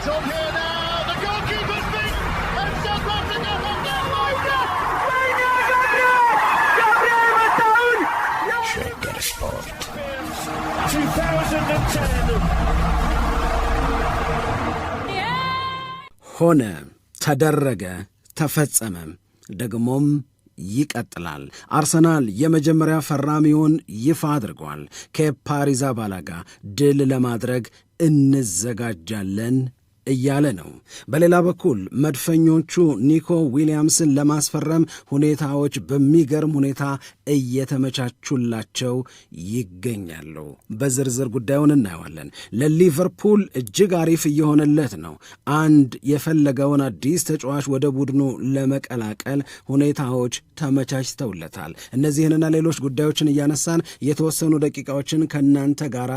It's on here now. The goalkeeper's beaten, and South Africa have now moved up. Gabriel Mataun. Shaker Sport. 2010. ሆነ፣ ተደረገ፣ ተፈጸመ፣ ደግሞም ይቀጥላል። አርሰናል የመጀመሪያ ፈራሚውን ይፋ አድርጓል። ከፓሪዛ ባላጋ ድል ለማድረግ እንዘጋጃለን እያለ ነው። በሌላ በኩል መድፈኞቹ ኒኮ ዊሊያምስን ለማስፈረም ሁኔታዎች በሚገርም ሁኔታ እየተመቻቹላቸው ይገኛሉ። በዝርዝር ጉዳዩን እናየዋለን። ለሊቨርፑል እጅግ አሪፍ እየሆነለት ነው። አንድ የፈለገውን አዲስ ተጫዋች ወደ ቡድኑ ለመቀላቀል ሁኔታዎች ተመቻችተውለታል። እነዚህንና ሌሎች ጉዳዮችን እያነሳን የተወሰኑ ደቂቃዎችን ከእናንተ ጋር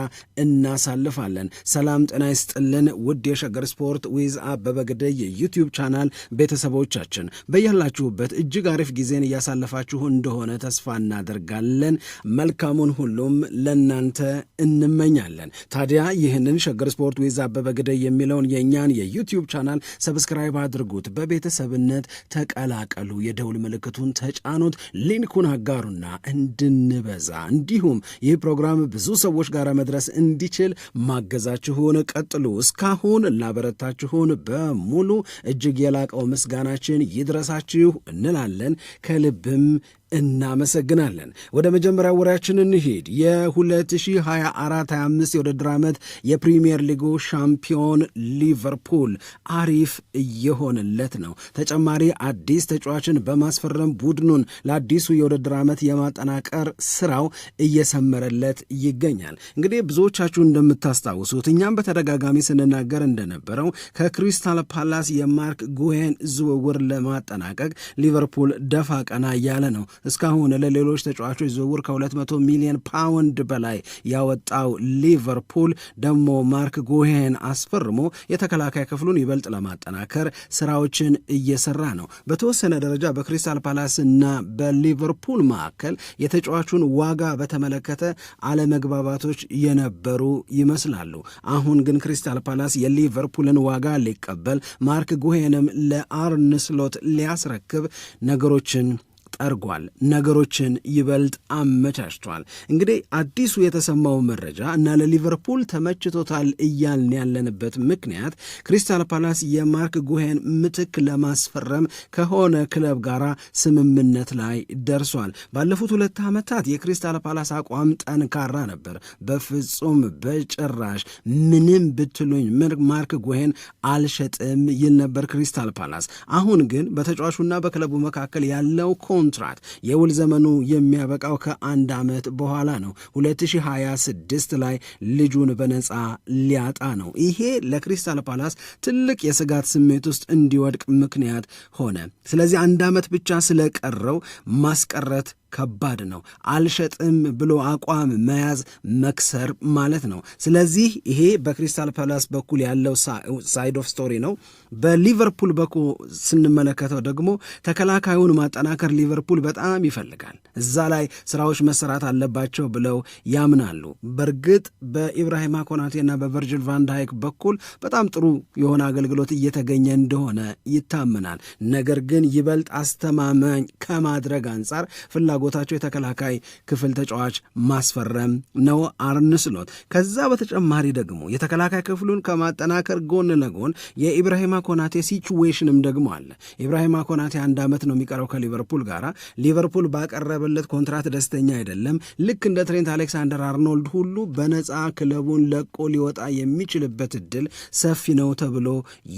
እናሳልፋለን። ሰላም ጤና ይስጥልን ውድ የሸገር ስፖርት ስፖርት ዊዝ አበበ ግደይ የዩቲዩብ ቻናል ቤተሰቦቻችን በያላችሁበት እጅግ አሪፍ ጊዜን እያሳለፋችሁ እንደሆነ ተስፋ እናደርጋለን። መልካሙን ሁሉም ለእናንተ እንመኛለን። ታዲያ ይህንን ሸገር ስፖርት ዊዝ አበበ ግደይ የሚለውን የእኛን የዩቲዩብ ቻናል ሰብስክራይብ አድርጉት፣ በቤተሰብነት ተቀላቀሉ፣ የደውል ምልክቱን ተጫኑት፣ ሊንኩን አጋሩና እንድንበዛ እንዲሁም ይህ ፕሮግራም ብዙ ሰዎች ጋር መድረስ እንዲችል ማገዛችሁን ቀጥሉ። እስካሁን ላበ ላበረታችሁን በሙሉ እጅግ የላቀው ምስጋናችን ይድረሳችሁ እንላለን ከልብም እናመሰግናለን። ወደ መጀመሪያው ወሬያችን እንሂድ። የ2024/25 የውድድር ዓመት የፕሪምየር ሊጉ ሻምፒዮን ሊቨርፑል አሪፍ እየሆነለት ነው። ተጨማሪ አዲስ ተጫዋችን በማስፈረም ቡድኑን ለአዲሱ የውድድር ዓመት የማጠናቀር ስራው እየሰመረለት ይገኛል። እንግዲህ ብዙዎቻችሁ እንደምታስታውሱት እኛም በተደጋጋሚ ስንናገር እንደነበረው ከክሪስታል ፓላስ የማርክ ጉሄን ዝውውር ለማጠናቀቅ ሊቨርፑል ደፋ ቀና እያለ ነው። እስካሁን ለሌሎች ተጫዋቾች ዝውውር ከ200 ሚሊዮን ፓውንድ በላይ ያወጣው ሊቨርፑል ደግሞ ማርክ ጎሄን አስፈርሞ የተከላካይ ክፍሉን ይበልጥ ለማጠናከር ስራዎችን እየሰራ ነው። በተወሰነ ደረጃ በክሪስታል ፓላስ እና በሊቨርፑል መካከል የተጫዋቹን ዋጋ በተመለከተ አለመግባባቶች የነበሩ ይመስላሉ። አሁን ግን ክሪስታል ፓላስ የሊቨርፑልን ዋጋ ሊቀበል ማርክ ጉሄንም ለአርንስሎት ሊያስረክብ ነገሮችን ጠርጓል፣ ነገሮችን ይበልጥ አመቻችቷል። እንግዲህ አዲሱ የተሰማው መረጃ እና ለሊቨርፑል ተመችቶታል እያልን ያለንበት ምክንያት ክሪስታል ፓላስ የማርክ ጉሄን ምትክ ለማስፈረም ከሆነ ክለብ ጋር ስምምነት ላይ ደርሷል። ባለፉት ሁለት ዓመታት የክሪስታል ፓላስ አቋም ጠንካራ ነበር። በፍጹም በጭራሽ ምንም ብትሉኝ ማርክ ጉሄን አልሸጥም ይል ነበር ክሪስታል ፓላስ። አሁን ግን በተጫዋቹና በክለቡ መካከል ያለው ኮንትራት የውል ዘመኑ የሚያበቃው ከአንድ ዓመት በኋላ ነው። 2026 ላይ ልጁን በነፃ ሊያጣ ነው። ይሄ ለክሪስታል ፓላስ ትልቅ የስጋት ስሜት ውስጥ እንዲወድቅ ምክንያት ሆነ። ስለዚህ አንድ ዓመት ብቻ ስለቀረው ማስቀረት ከባድ ነው። አልሸጥም ብሎ አቋም መያዝ መክሰር ማለት ነው። ስለዚህ ይሄ በክሪስታል ፓላስ በኩል ያለው ሳይድ ኦፍ ስቶሪ ነው። በሊቨርፑል በኩል ስንመለከተው ደግሞ ተከላካዩን ማጠናከር ሊቨርፑል በጣም ይፈልጋል። እዛ ላይ ስራዎች መሰራት አለባቸው ብለው ያምናሉ። በእርግጥ በኢብራሂማ ኮናቴና በቨርጅል ቫንዳይክ በኩል በጣም ጥሩ የሆነ አገልግሎት እየተገኘ እንደሆነ ይታመናል። ነገር ግን ይበልጥ አስተማማኝ ከማድረግ አንጻር ፍላጎ ፍላጎታቸው የተከላካይ ክፍል ተጫዋች ማስፈረም ነው አርነ ከዛ በተጨማሪ ደግሞ የተከላካይ ክፍሉን ከማጠናከር ጎን ለጎን የኢብራሂማ ኮናቴ ሲችዌሽንም ደግሞ አለ። ኢብራሂማ ኮናቴ አንድ ዓመት ነው የሚቀረው ከሊቨርፑል ጋር። ሊቨርፑል ባቀረበለት ኮንትራት ደስተኛ አይደለም። ልክ እንደ ትሬንት አሌክሳንደር አርኖልድ ሁሉ በነፃ ክለቡን ለቆ ሊወጣ የሚችልበት እድል ሰፊ ነው ተብሎ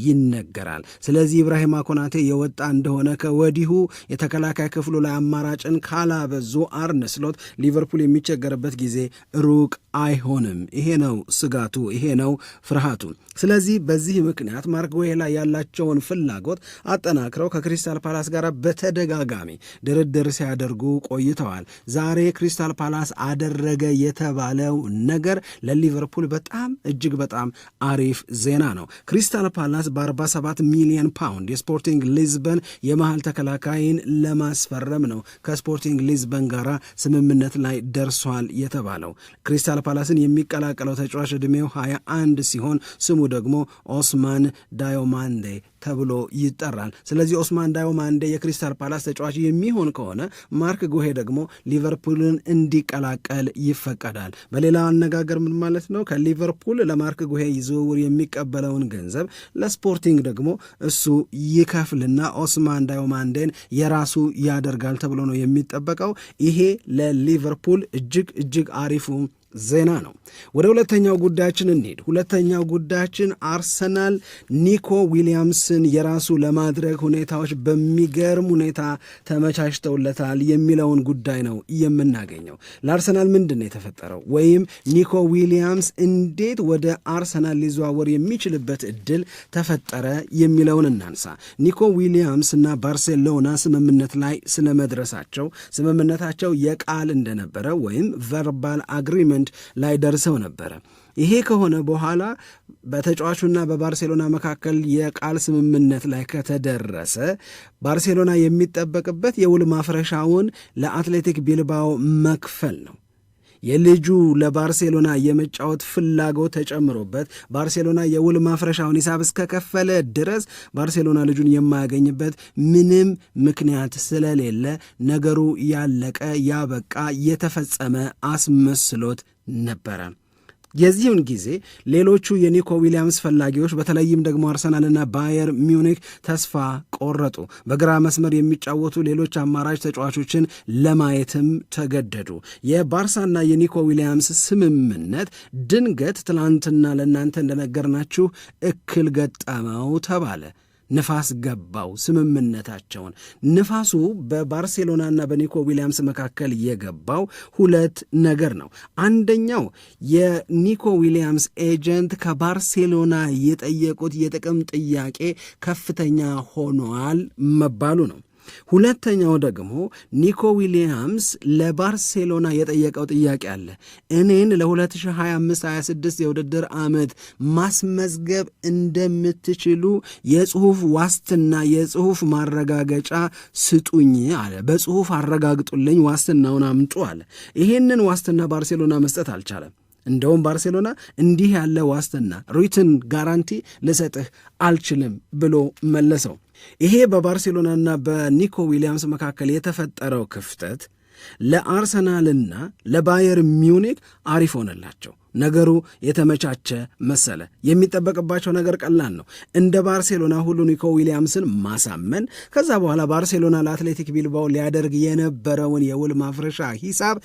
ይነገራል። ስለዚህ ኢብራሂማ ኮናቴ የወጣ እንደሆነ ከወዲሁ የተከላካይ ክፍሉ ላይ አማራጭን ካላ ካላበዙ አርነ ስሎት ሊቨርፑል የሚቸገርበት ጊዜ ሩቅ አይሆንም። ይሄ ነው ስጋቱ፣ ይሄ ነው ፍርሃቱ። ስለዚህ በዚህ ምክንያት ማርክዌ ላይ ያላቸውን ፍላጎት አጠናክረው ከክሪስታል ፓላስ ጋር በተደጋጋሚ ድርድር ሲያደርጉ ቆይተዋል። ዛሬ ክሪስታል ፓላስ አደረገ የተባለው ነገር ለሊቨርፑል በጣም እጅግ በጣም አሪፍ ዜና ነው። ክሪስታል ፓላስ በ47 ሚሊዮን ፓውንድ የስፖርቲንግ ሊዝበን የመሃል ተከላካይን ለማስፈረም ነው ከስፖርቲንግ ሊዝበን ጋር ስምምነት ላይ ደርሷል የተባለው። ክሪስታል ፓላስን የሚቀላቀለው ተጫዋች ዕድሜው 21 ሲሆን ስሙ ደግሞ ኦስማን ዳዮማንዴ ተብሎ ይጠራል። ስለዚህ ኦስማን ዳዮማ እንደ የክሪስታል ፓላስ ተጫዋች የሚሆን ከሆነ ማርክ ጉሄ ደግሞ ሊቨርፑልን እንዲቀላቀል ይፈቀዳል። በሌላ አነጋገር ምን ማለት ነው? ከሊቨርፑል ለማርክ ጉሄ ዝውውር የሚቀበለውን ገንዘብ ለስፖርቲንግ ደግሞ እሱ ይከፍልና ኦስማን ዳዮማንዴን የራሱ ያደርጋል ተብሎ ነው የሚጠበቀው። ይሄ ለሊቨርፑል እጅግ እጅግ አሪፉ ዜና ነው። ወደ ሁለተኛው ጉዳያችን እንሂድ። ሁለተኛው ጉዳያችን አርሰናል ኒኮ ዊሊያምስን የራሱ ለማድረግ ሁኔታዎች በሚገርም ሁኔታ ተመቻችተውለታል የሚለውን ጉዳይ ነው የምናገኘው። ለአርሰናል ምንድን ነው የተፈጠረው? ወይም ኒኮ ዊሊያምስ እንዴት ወደ አርሰናል ሊዘዋወር የሚችልበት እድል ተፈጠረ የሚለውን እናንሳ። ኒኮ ዊሊያምስ እና ባርሴሎና ስምምነት ላይ ስለመድረሳቸው ስምምነታቸው የቃል እንደነበረ ወይም ቨርባል አግሪመንት ዘንድ ላይ ደርሰው ነበረ። ይሄ ከሆነ በኋላ በተጫዋቹና በባርሴሎና መካከል የቃል ስምምነት ላይ ከተደረሰ ባርሴሎና የሚጠበቅበት የውል ማፍረሻውን ለአትሌቲክ ቢልባኦ መክፈል ነው። የልጁ ለባርሴሎና የመጫወት ፍላጎት ተጨምሮበት ባርሴሎና የውል ማፍረሻውን ሂሳብ እስከከፈለ ድረስ ባርሴሎና ልጁን የማያገኝበት ምንም ምክንያት ስለሌለ ነገሩ ያለቀ ያበቃ የተፈጸመ አስመስሎት ነበረ። የዚህን ጊዜ ሌሎቹ የኒኮ ዊሊያምስ ፈላጊዎች በተለይም ደግሞ አርሰናልና ባየር ሚውኒክ ተስፋ ቆረጡ። በግራ መስመር የሚጫወቱ ሌሎች አማራጭ ተጫዋቾችን ለማየትም ተገደዱ። የባርሳና የኒኮ ዊሊያምስ ስምምነት ድንገት ትናንትና ለእናንተ እንደነገርናችሁ እክል ገጠመው ተባለ። ንፋስ ገባው ስምምነታቸውን። ንፋሱ በባርሴሎናና በኒኮ ዊሊያምስ መካከል የገባው ሁለት ነገር ነው። አንደኛው የኒኮ ዊሊያምስ ኤጀንት ከባርሴሎና የጠየቁት የጥቅም ጥያቄ ከፍተኛ ሆኗል መባሉ ነው። ሁለተኛው ደግሞ ኒኮ ዊሊያምስ ለባርሴሎና የጠየቀው ጥያቄ አለ። እኔን ለ2025/26 የውድድር ዓመት ማስመዝገብ እንደምትችሉ የጽሁፍ ዋስትና የጽሁፍ ማረጋገጫ ስጡኝ አለ። በጽሁፍ አረጋግጡልኝ፣ ዋስትናውን አምጡ አለ። ይሄንን ዋስትና ባርሴሎና መስጠት አልቻለም። እንደውም ባርሴሎና እንዲህ ያለ ዋስትና ሪትን ጋራንቲ ልሰጥህ አልችልም ብሎ መለሰው። ይሄ በባርሴሎናና በኒኮ ዊሊያምስ መካከል የተፈጠረው ክፍተት ለአርሰናልና ለባየር ሚኒክ አሪፍ ሆነላቸው። ነገሩ የተመቻቸ መሰለ። የሚጠበቅባቸው ነገር ቀላል ነው። እንደ ባርሴሎና ሁሉ ኒኮ ዊሊያምስን ማሳመን፣ ከዛ በኋላ ባርሴሎና ለአትሌቲክ ቢልባው ሊያደርግ የነበረውን የውል ማፍረሻ ሂሳብ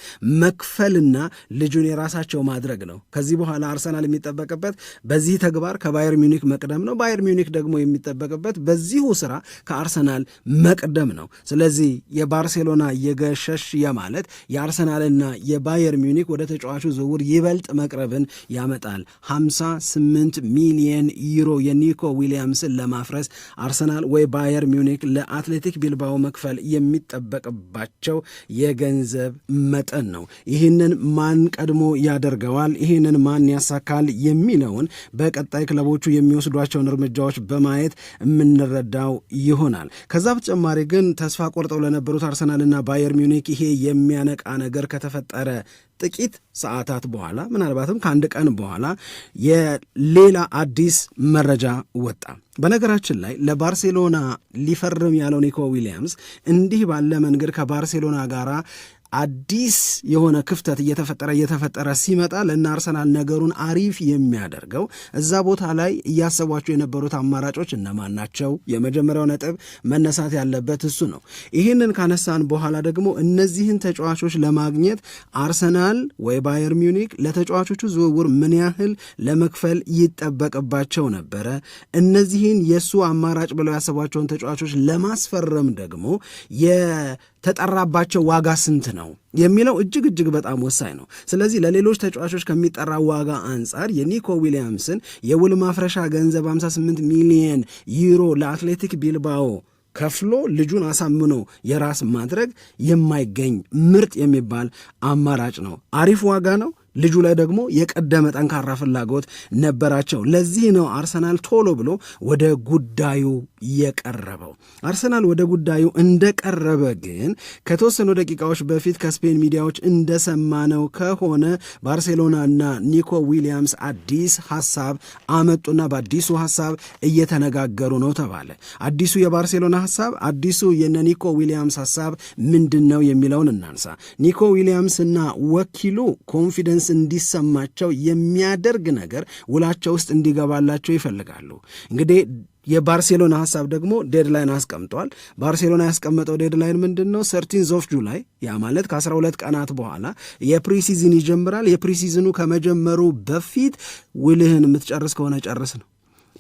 መክፈልና ልጁን የራሳቸው ማድረግ ነው። ከዚህ በኋላ አርሰናል የሚጠበቅበት በዚህ ተግባር ከባየር ሚኒክ መቅደም ነው። ባየር ሚኒክ ደግሞ የሚጠበቅበት በዚሁ ስራ ከአርሰናል መቅደም ነው። ስለዚህ የባርሴሎና የገሸሽ የማለት የአርሰናልና የባየር ሚኒክ ወደ ተጫዋቹ ዝውውር ይበልጥ መቅረብ ማቅረብን ያመጣል። 58 ሚሊየን ዩሮ የኒኮ ዊሊያምስን ለማፍረስ አርሰናል ወይ ባየር ሚውኒክ ለአትሌቲክ ቢልባኦ መክፈል የሚጠበቅባቸው የገንዘብ መጠን ነው። ይህንን ማን ቀድሞ ያደርገዋል፣ ይህንን ማን ያሳካል የሚለውን በቀጣይ ክለቦቹ የሚወስዷቸውን እርምጃዎች በማየት የምንረዳው ይሆናል። ከዛ በተጨማሪ ግን ተስፋ ቆርጠው ለነበሩት አርሰናልና ባየር ሚውኒክ ይሄ የሚያነቃ ነገር ከተፈጠረ ጥቂት ሰዓታት በኋላ ምናልባትም ከአንድ ቀን በኋላ የሌላ አዲስ መረጃ ወጣ። በነገራችን ላይ ለባርሴሎና ሊፈርም ያለው ኒኮ ዊሊያምስ እንዲህ ባለ መንገድ ከባርሴሎና ጋር አዲስ የሆነ ክፍተት እየተፈጠረ እየተፈጠረ ሲመጣ ለእነ አርሰናል ነገሩን አሪፍ የሚያደርገው እዛ ቦታ ላይ እያሰቧቸው የነበሩት አማራጮች እነማን ናቸው? የመጀመሪያው ነጥብ መነሳት ያለበት እሱ ነው። ይህንን ካነሳን በኋላ ደግሞ እነዚህን ተጫዋቾች ለማግኘት አርሰናል ወይ ባየር ሚውኒክ ለተጫዋቾቹ ዝውውር ምን ያህል ለመክፈል ይጠበቅባቸው ነበረ? እነዚህን የእሱ አማራጭ ብለው ያሰቧቸውን ተጫዋቾች ለማስፈረም ደግሞ ተጠራባቸው ዋጋ ስንት ነው የሚለው እጅግ እጅግ በጣም ወሳኝ ነው። ስለዚህ ለሌሎች ተጫዋቾች ከሚጠራ ዋጋ አንጻር የኒኮ ዊሊያምስን የውል ማፍረሻ ገንዘብ 58 ሚሊየን ዩሮ ለአትሌቲክ ቢልባኦ ከፍሎ ልጁን አሳምኖ የራስ ማድረግ የማይገኝ ምርጥ የሚባል አማራጭ ነው። አሪፍ ዋጋ ነው። ልጁ ላይ ደግሞ የቀደመ ጠንካራ ፍላጎት ነበራቸው። ለዚህ ነው አርሰናል ቶሎ ብሎ ወደ ጉዳዩ የቀረበው። አርሰናል ወደ ጉዳዩ እንደቀረበ ግን ከተወሰኑ ደቂቃዎች በፊት ከስፔን ሚዲያዎች እንደሰማነው ከሆነ ባርሴሎናና ኒኮ ዊሊያምስ አዲስ ሀሳብ አመጡና በአዲሱ ሀሳብ እየተነጋገሩ ነው ተባለ። አዲሱ የባርሴሎና ሀሳብ፣ አዲሱ የነ ኒኮ ዊሊያምስ ሀሳብ ምንድን ነው የሚለውን እናንሳ። ኒኮ ዊሊያምስና ወኪሉ ኮንፊደንስ ኮንፊደንስ እንዲሰማቸው የሚያደርግ ነገር ውላቸው ውስጥ እንዲገባላቸው ይፈልጋሉ። እንግዲህ የባርሴሎና ሀሳብ ደግሞ ዴድላይን አስቀምጧል። ባርሴሎና ያስቀመጠው ዴድላይን ምንድን ነው? ሰርቲንዝ ኦፍ ጁላይ፣ ያ ማለት ከ12 ቀናት በኋላ የፕሪሲዝን ይጀምራል። የፕሪሲዝኑ ከመጀመሩ በፊት ውልህን የምትጨርስ ከሆነ ጨርስ ነው፣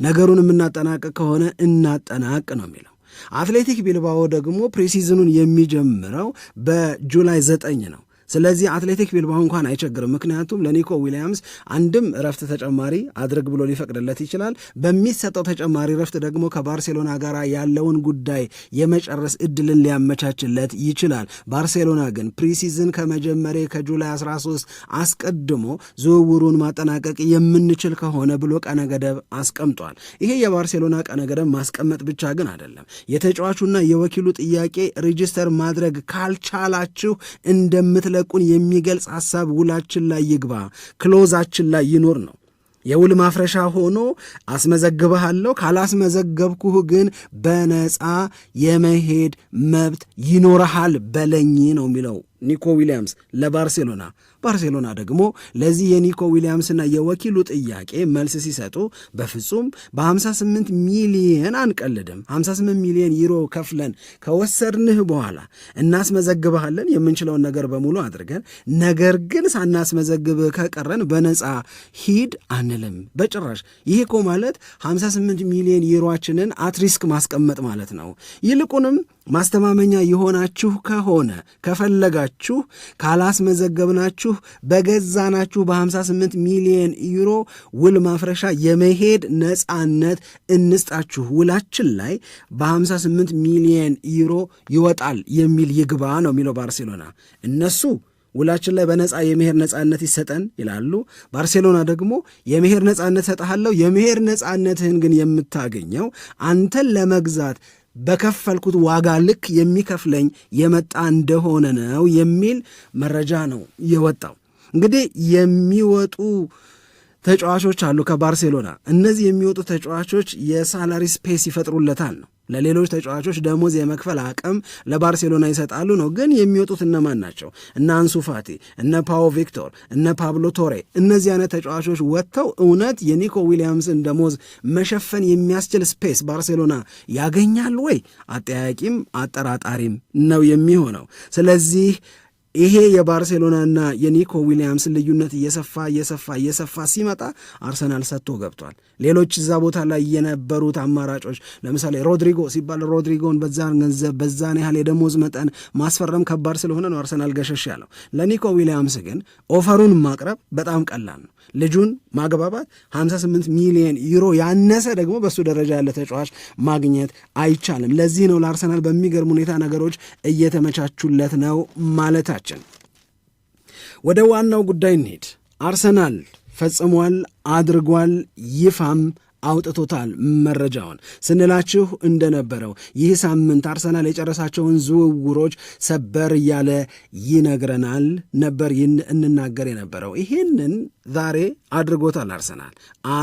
ነገሩን የምናጠናቅቅ ከሆነ እናጠናቅ ነው የሚለው አትሌቲክ ቢልባኦ ደግሞ ፕሪሲዝኑን የሚጀምረው በጁላይ ዘጠኝ ነው። ስለዚህ አትሌቲክ ቢልባው እንኳን አይቸግርም። ምክንያቱም ለኒኮ ዊሊያምስ አንድም እረፍት ተጨማሪ አድርግ ብሎ ሊፈቅድለት ይችላል። በሚሰጠው ተጨማሪ እረፍት ደግሞ ከባርሴሎና ጋር ያለውን ጉዳይ የመጨረስ እድልን ሊያመቻችለት ይችላል። ባርሴሎና ግን ፕሪሲዝን ከመጀመሪ ከጁላይ 13 አስቀድሞ ዝውውሩን ማጠናቀቅ የምንችል ከሆነ ብሎ ቀነ ገደብ አስቀምጧል። ይሄ የባርሴሎና ቀነ ገደብ ማስቀመጥ ብቻ ግን አይደለም። የተጫዋቹና የወኪሉ ጥያቄ ሬጂስተር ማድረግ ካልቻላችሁ እንደምትለ መጥለቁን የሚገልጽ ሐሳብ ውላችን ላይ ይግባ፣ ክሎዛችን ላይ ይኖር ነው። የውል ማፍረሻ ሆኖ አስመዘግብሃለሁ፣ ካላስመዘገብኩህ ግን በነፃ የመሄድ መብት ይኖረሃል በለኝ ነው የሚለው ኒኮ ዊሊያምስ ለባርሴሎና ባርሴሎና ደግሞ ለዚህ የኒኮ ዊሊያምስና የወኪሉ ጥያቄ መልስ ሲሰጡ በፍጹም በ58 ሚሊየን አንቀልድም፣ 58 ሚሊየን ዩሮ ከፍለን ከወሰድንህ በኋላ እናስመዘግብሃለን፣ የምንችለውን ነገር በሙሉ አድርገን፣ ነገር ግን ሳናስመዘግብህ ከቀረን በነፃ ሂድ አንልም በጭራሽ። ይህ እኮ ማለት 58 ሚሊየን ዩሮችንን አትሪስክ ማስቀመጥ ማለት ነው። ይልቁንም ማስተማመኛ የሆናችሁ ከሆነ ከፈለጋችሁ ካላስመዘገብናችሁ በገዛናችሁ በ58 ሚሊዮን ዩሮ ውል ማፍረሻ የመሄድ ነፃነት እንስጣችሁ። ውላችን ላይ በ58 ሚሊዮን ዩሮ ይወጣል የሚል ይግባ ነው የሚለው ባርሴሎና። እነሱ ውላችን ላይ በነፃ የመሄድ ነፃነት ይሰጠን ይላሉ። ባርሴሎና ደግሞ የመሄድ ነፃነት ሰጠሃለሁ፣ የመሄድ ነፃነትህን ግን የምታገኘው አንተን ለመግዛት በከፈልኩት ዋጋ ልክ የሚከፍለኝ የመጣ እንደሆነ ነው የሚል መረጃ ነው የወጣው። እንግዲህ የሚወጡ ተጫዋቾች አሉ ከባርሴሎና። እነዚህ የሚወጡ ተጫዋቾች የሳላሪ ስፔስ ይፈጥሩለታል ነው ለሌሎች ተጫዋቾች ደሞዝ የመክፈል አቅም ለባርሴሎና ይሰጣሉ ነው። ግን የሚወጡት እነማን ናቸው? እነ አንሱፋቲ እነ ፓዎ ቪክቶር፣ እነ ፓብሎ ቶሬ እነዚህ አይነት ተጫዋቾች ወጥተው እውነት የኒኮ ዊሊያምስን ደሞዝ መሸፈን የሚያስችል ስፔስ ባርሴሎና ያገኛል ወይ? አጠያቂም አጠራጣሪም ነው የሚሆነው። ስለዚህ ይሄ የባርሴሎናና የኒኮ ዊሊያምስ ልዩነት እየሰፋ እየሰፋ እየሰፋ ሲመጣ አርሰናል ሰጥቶ ገብቷል። ሌሎች እዛ ቦታ ላይ የነበሩት አማራጮች ለምሳሌ ሮድሪጎ ሲባል ሮድሪጎን በዛን ገንዘብ በዛን ያህል የደሞዝ መጠን ማስፈረም ከባድ ስለሆነ ነው አርሰናል ገሸሽ ያለው። ለኒኮ ዊሊያምስ ግን ኦፈሩን ማቅረብ በጣም ቀላል ነው። ልጁን ማግባባት 58 ሚሊዮን ዩሮ ያነሰ ደግሞ በሱ ደረጃ ያለ ተጫዋች ማግኘት አይቻልም። ለዚህ ነው ለአርሰናል በሚገርም ሁኔታ ነገሮች እየተመቻቹለት ነው ማለታቸው ዝግጅታችን። ወደ ዋናው ጉዳይ እንሄድ። አርሰናል ፈጽሟል፣ አድርጓል፣ ይፋም አውጥቶታል መረጃውን ስንላችሁ እንደነበረው ይህ ሳምንት አርሰናል የጨረሳቸውን ዝውውሮች ሰበር እያለ ይነግረናል ነበር እንናገር የነበረው። ይህንን ዛሬ አድርጎታል አርሰናል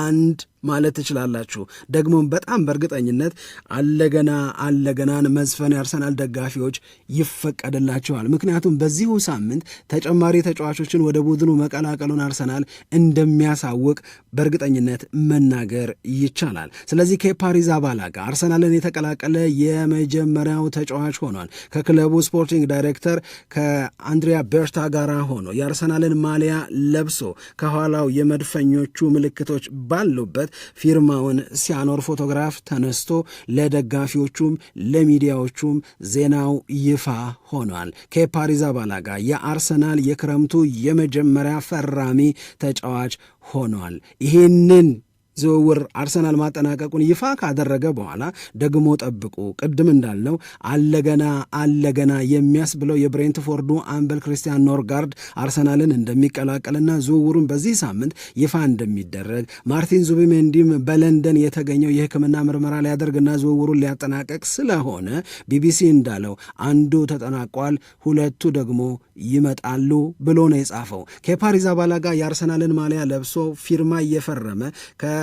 አንድ ማለት ትችላላችሁ። ደግሞም በጣም በእርግጠኝነት አለገና አለገናን መዝፈን የአርሰናል ደጋፊዎች ይፈቀድላቸዋል። ምክንያቱም በዚሁ ሳምንት ተጨማሪ ተጫዋቾችን ወደ ቡድኑ መቀላቀሉን አርሰናል እንደሚያሳውቅ በእርግጠኝነት መናገር ይቻላል። ስለዚህ ከፓሪዝ አባላ ጋር አርሰናልን የተቀላቀለ የመጀመሪያው ተጫዋች ሆኗል። ከክለቡ ስፖርቲንግ ዳይሬክተር ከአንድሪያ ቤርታ ጋር ሆኖ የአርሰናልን ማሊያ ለብሶ ከኋላው የመድፈኞቹ ምልክቶች ባሉበት ፊርማውን ሲያኖር ፎቶግራፍ ተነስቶ ለደጋፊዎቹም ለሚዲያዎቹም ዜናው ይፋ ሆኗል። ኬፓ አሪዛባላጋ የአርሰናል የክረምቱ የመጀመሪያ ፈራሚ ተጫዋች ሆኗል። ይህንን ዝውውር አርሰናል ማጠናቀቁን ይፋ ካደረገ በኋላ ደግሞ ጠብቁ፣ ቅድም እንዳልነው አለገና አለገና የሚያስብለው የብሬንትፎርዱ አምበል ክሪስቲያን ኖርጋርድ አርሰናልን እንደሚቀላቀልና ዝውውሩን በዚህ ሳምንት ይፋ እንደሚደረግ ማርቲን ዙቢሜንዲም በለንደን የተገኘው የሕክምና ምርመራ ሊያደርግና ዝውውሩን ሊያጠናቀቅ ስለሆነ ቢቢሲ እንዳለው አንዱ ተጠናቋል፣ ሁለቱ ደግሞ ይመጣሉ ብሎ ነው የጻፈው። ከፓሪዝ አባላ የአርሰናልን ማሊያ ለብሶ ፊርማ እየፈረመ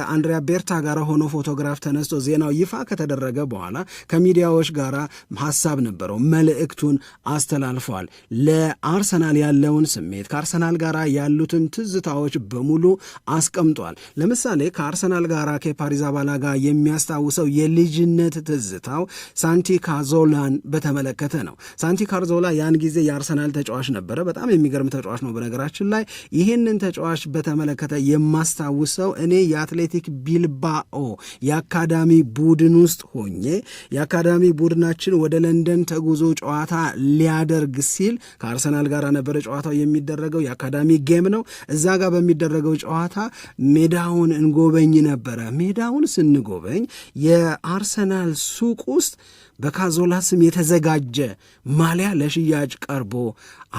ከአንድሪያ ቤርታ ጋር ሆኖ ፎቶግራፍ ተነስቶ ዜናው ይፋ ከተደረገ በኋላ ከሚዲያዎች ጋር ሀሳብ ነበረው፣ መልእክቱን አስተላልፏል ለአርሰናል ያለውን ስሜት ከአርሰናል ጋር ያሉትን ትዝታዎች በሙሉ አስቀምጧል። ለምሳሌ ከአርሰናል ጋር ከፓሪዝ አባላ ጋር የሚያስታውሰው የልጅነት ትዝታው ሳንቲ ካዞላን በተመለከተ ነው። ሳንቲ ካርዞላ ያን ጊዜ የአርሰናል ተጫዋች ነበረ። በጣም የሚገርም ተጫዋች ነው። በነገራችን ላይ ይህንን ተጫዋች በተመለከተ የማስታውሰው እኔ የአትሌት አትሌቲክ ቢልባኦ የአካዳሚ ቡድን ውስጥ ሆኜ የአካዳሚ ቡድናችን ወደ ለንደን ተጉዞ ጨዋታ ሊያደርግ ሲል ከአርሰናል ጋር ነበረ ጨዋታው የሚደረገው። የአካዳሚ ጌም ነው። እዛ ጋር በሚደረገው ጨዋታ ሜዳውን እንጎበኝ ነበረ። ሜዳውን ስንጎበኝ የአርሰናል ሱቅ ውስጥ በካዞላ ስም የተዘጋጀ ማሊያ ለሽያጭ ቀርቦ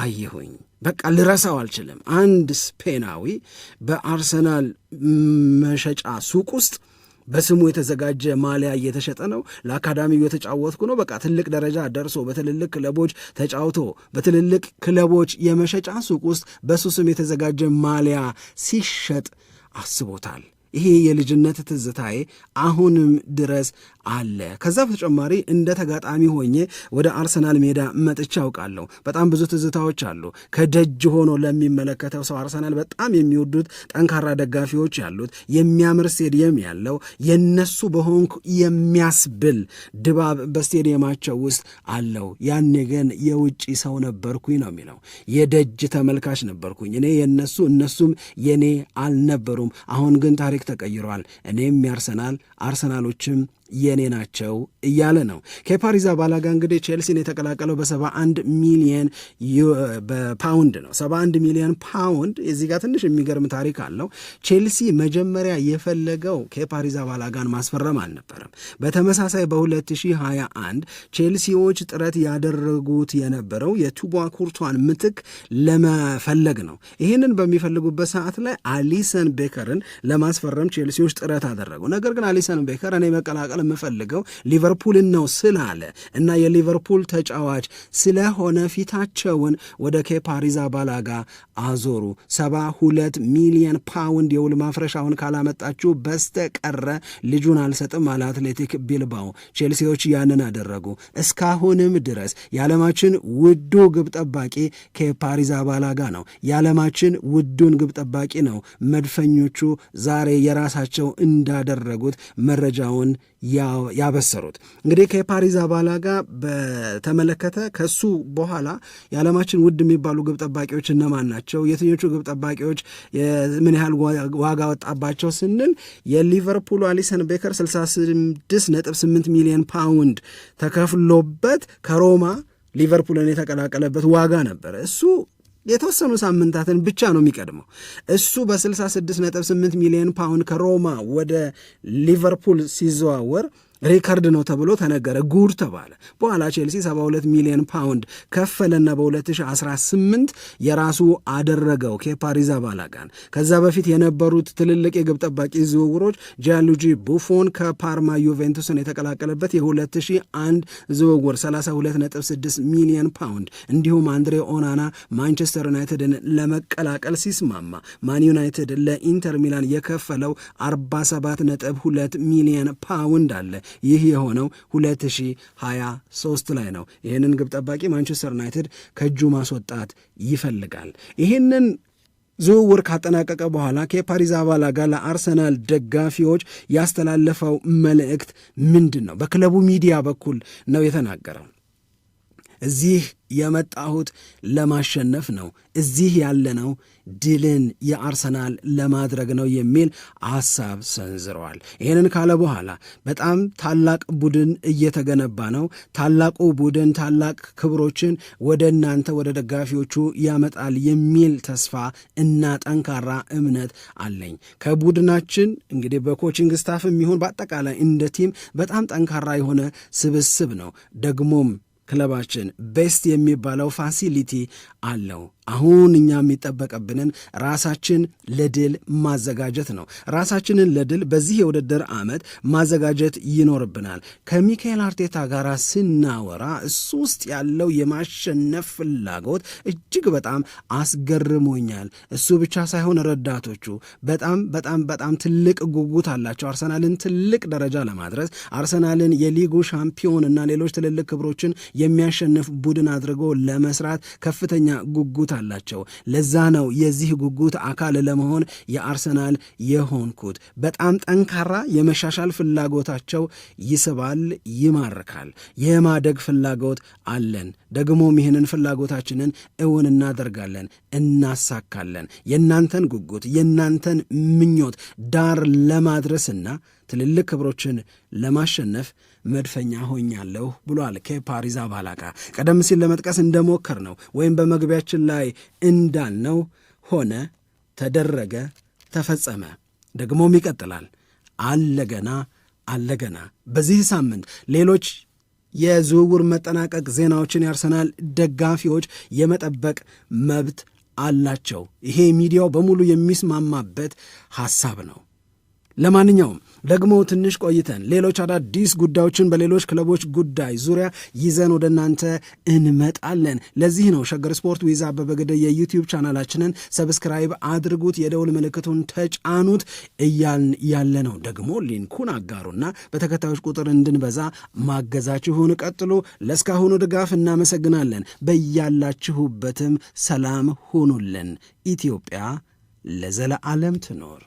አየሁኝ። በቃ ልረሳው አልችልም። አንድ ስፔናዊ በአርሰናል መሸጫ ሱቅ ውስጥ በስሙ የተዘጋጀ ማሊያ እየተሸጠ ነው። ለአካዳሚው የተጫወትኩ ነው። በቃ ትልቅ ደረጃ ደርሶ በትልልቅ ክለቦች ተጫውቶ በትልልቅ ክለቦች የመሸጫ ሱቅ ውስጥ በሱ ስም የተዘጋጀ ማሊያ ሲሸጥ አስቦታል። ይሄ የልጅነት ትዝታዬ አሁንም ድረስ አለ። ከዛ በተጨማሪ እንደ ተጋጣሚ ሆኜ ወደ አርሰናል ሜዳ መጥቼ አውቃለሁ። በጣም ብዙ ትዝታዎች አሉ። ከደጅ ሆኖ ለሚመለከተው ሰው አርሰናል በጣም የሚወዱት ጠንካራ ደጋፊዎች ያሉት የሚያምር ስቴዲየም ያለው የነሱ በሆንኩ የሚያስብል ድባብ በስቴዲየማቸው ውስጥ አለው። ያኔ ግን የውጭ ሰው ነበርኩኝ ነው የሚለው የደጅ ተመልካች ነበርኩኝ እኔ የነሱ እነሱም የኔ አልነበሩም። አሁን ግን ታሪክ ተቀይረዋል። እኔም የአርሰናል አርሰናሎችም የኔ ናቸው እያለ ነው። ከፓሪዛ ባላጋ እንግዲህ ቼልሲን የተቀላቀለው በሰባ አንድ ሚሊየን ፓውንድ ነው። ሰባ አንድ ሚሊየን ፓውንድ እዚህ ጋር ትንሽ የሚገርም ታሪክ አለው። ቼልሲ መጀመሪያ የፈለገው ከፓሪዛ ባላጋን ማስፈረም አልነበረም። በተመሳሳይ በ2021 ቼልሲዎች ጥረት ያደረጉት የነበረው የቱቧ ኩርቷን ምትክ ለመፈለግ ነው። ይህንን በሚፈልጉበት ሰዓት ላይ አሊሰን ቤከርን ለማስፈረም ቼልሲዎች ጥረት አደረጉ። ነገር ግን አሊሰን ቤከር እኔ መቀላቀል መቀላቀል የምፈልገው ሊቨርፑልን ነው ስላለ እና የሊቨርፑል ተጫዋች ስለሆነ ፊታቸውን ወደ ኬፓ አሪዛባላጋ አዞሩ። ሰባ ሁለት ሚሊየን ፓውንድ የውል ማፍረሻውን ካላመጣችሁ በስተቀረ ልጁን አልሰጥም አለ አትሌቲክ ቢልባው። ቼልሲዎች ያንን አደረጉ። እስካሁንም ድረስ የዓለማችን ውዱ ግብ ጠባቂ ኬፓ አሪዛባላጋ ነው። የዓለማችን ውዱን ግብ ጠባቂ ነው መድፈኞቹ ዛሬ የራሳቸው እንዳደረጉት መረጃውን ያበሰሩት። እንግዲህ ከፓሪዝ አባላ ጋር በተመለከተ ከሱ በኋላ የዓለማችን ውድ የሚባሉ ግብ ጠባቂዎች እነማን ናቸው፣ የትኞቹ ግብ ጠባቂዎች ምን ያህል ዋጋ ወጣባቸው ስንል የሊቨርፑል አሊሰን ቤከር 66.8 ሚሊዮን ፓውንድ ተከፍሎበት ከሮማ ሊቨርፑልን የተቀላቀለበት ዋጋ ነበር። እሱ የተወሰኑ ሳምንታትን ብቻ ነው የሚቀድመው። እሱ በ66.8 ሚሊዮን ፓውንድ ከሮማ ወደ ሊቨርፑል ሲዘዋወር ሪከርድ ነው ተብሎ ተነገረ። ጉድ ተባለ። በኋላ ቼልሲ 72 ሚሊዮን ፓውንድ ከፈለና በ2018 የራሱ አደረገው ከፓሪዝ አባላጋን። ከዛ በፊት የነበሩት ትልልቅ የግብ ጠባቂ ዝውውሮች ጂያንሉጂ ቡፎን ከፓርማ ዩቬንቱስን የተቀላቀለበት የ2001 ዝውውር 326 ሚሊዮን ፓውንድ፣ እንዲሁም አንድሬ ኦናና ማንቸስተር ዩናይትድን ለመቀላቀል ሲስማማ ማን ዩናይትድ ለኢንተር ሚላን የከፈለው 47.2 ሚሊዮን ፓውንድ አለ። ይህ የሆነው 2023 ላይ ነው። ይህንን ግብ ጠባቂ ማንቸስተር ዩናይትድ ከእጁ ማስወጣት ይፈልጋል። ይህንን ዝውውር ካጠናቀቀ በኋላ ከፓሪዝ አባላ ጋር ለአርሰናል ደጋፊዎች ያስተላለፈው መልእክት ምንድን ነው? በክለቡ ሚዲያ በኩል ነው የተናገረው። እዚህ የመጣሁት ለማሸነፍ ነው፣ እዚህ ያለነው ድልን የአርሰናል ለማድረግ ነው የሚል ሐሳብ ሰንዝረዋል። ይህንን ካለ በኋላ በጣም ታላቅ ቡድን እየተገነባ ነው፣ ታላቁ ቡድን ታላቅ ክብሮችን ወደ እናንተ ወደ ደጋፊዎቹ ያመጣል የሚል ተስፋ እና ጠንካራ እምነት አለኝ። ከቡድናችን እንግዲህ በኮችንግ ስታፍ የሚሆን በአጠቃላይ እንደ ቲም በጣም ጠንካራ የሆነ ስብስብ ነው ደግሞም ክለባችን ቤስት የሚባለው ፋሲሊቲ አለው አሁን እኛ የሚጠበቅብንን ራሳችን ለድል ማዘጋጀት ነው። ራሳችንን ለድል በዚህ የውድድር ዓመት ማዘጋጀት ይኖርብናል። ከሚካኤል አርቴታ ጋር ስናወራ እሱ ውስጥ ያለው የማሸነፍ ፍላጎት እጅግ በጣም አስገርሞኛል። እሱ ብቻ ሳይሆን ረዳቶቹ በጣም በጣም በጣም ትልቅ ጉጉት አላቸው። አርሰናልን ትልቅ ደረጃ ለማድረስ አርሰናልን የሊጉ ሻምፒዮን እና ሌሎች ትልልቅ ክብሮችን የሚያሸንፍ ቡድን አድርጎ ለመስራት ከፍተኛ ጉጉት ጉጉት አላቸው። ለዛ ነው የዚህ ጉጉት አካል ለመሆን የአርሰናል የሆንኩት። በጣም ጠንካራ የመሻሻል ፍላጎታቸው ይስባል፣ ይማርካል። የማደግ ፍላጎት አለን። ደግሞም ይህንን ፍላጎታችንን እውን እናደርጋለን፣ እናሳካለን። የእናንተን ጉጉት የእናንተን ምኞት ዳር ለማድረስና ትልልቅ ክብሮችን ለማሸነፍ መድፈኛ ሆኛለሁ ብሏል። ኬፓ አሪዛባላጋ ቀደም ሲል ለመጥቀስ እንደሞከር ነው ወይም በመግቢያችን ላይ እንዳልነው ሆነ፣ ተደረገ፣ ተፈጸመ፣ ደግሞም ይቀጥላል። አለገና አለገና በዚህ ሳምንት ሌሎች የዝውውር መጠናቀቅ ዜናዎችን ያርሰናል ደጋፊዎች የመጠበቅ መብት አላቸው። ይሄ ሚዲያው በሙሉ የሚስማማበት ሐሳብ ነው። ለማንኛውም ደግሞ ትንሽ ቆይተን ሌሎች አዳዲስ ጉዳዮችን በሌሎች ክለቦች ጉዳይ ዙሪያ ይዘን ወደ እናንተ እንመጣለን። ለዚህ ነው ሸገር ስፖርት ዊዛ አበበ ግደይ የዩቲዩብ ቻናላችንን ሰብስክራይብ አድርጉት፣ የደውል ምልክቱን ተጫኑት እያልን ያለ ነው። ደግሞ ሊንኩን አጋሩና በተከታዮች ቁጥር እንድንበዛ ማገዛችሁን ቀጥሉ። ለእስካሁኑ ድጋፍ እናመሰግናለን። በያላችሁበትም ሰላም ሁኑልን። ኢትዮጵያ ለዘለዓለም ትኖር።